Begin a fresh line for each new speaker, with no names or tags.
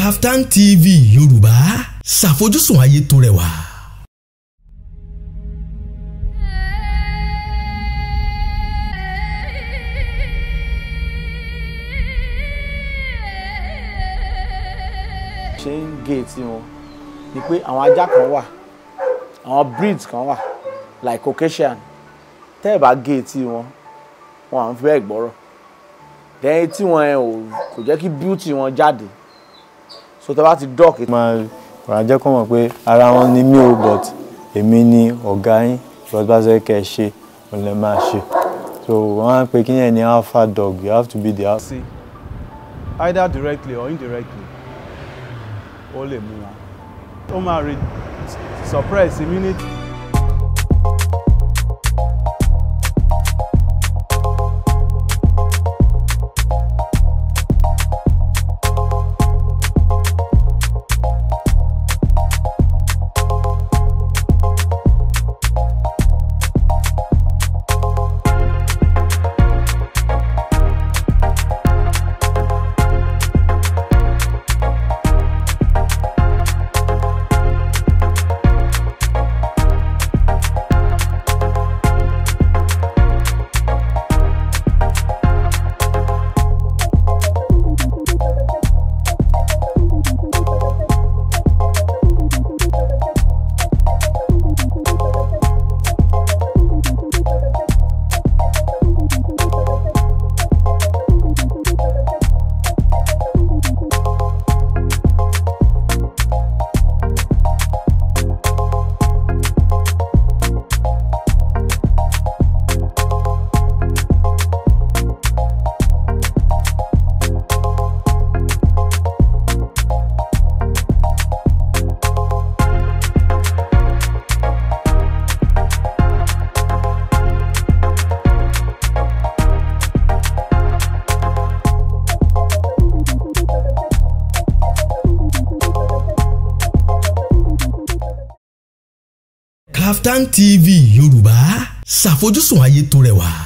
Kaftan TV Yorùbá ṣàfojúsùn ayé tó rẹwà.
ṣe ń géètì wọn ni pé àwọn ajá kan wà àwọn breed kan wà like Caucasian tẹ́ ẹ̀ bá géètì wọn wọn à ń fẹ́ gbọ́rọ̀ dẹ́yìn tí wọn kò jẹ́ kí beauty wọn jáde
so tó bá ti dọ́ọ̀kì. máa rà jẹ́ kó mọ̀ pé ara wọn ni mí o but èmi ni ọ̀gá yín because bá ṣe kẹ́ ẹ ṣe òun lè máa ṣe so wọ́n á pe kíyẹn ní alpha dog you have to be the alpha. see
either directly or indirectly ó lè mú wọn ó máa rí suppress immunity. Kaftan TV Yorùbá ṣàfojúsùn ayé tó rẹwà.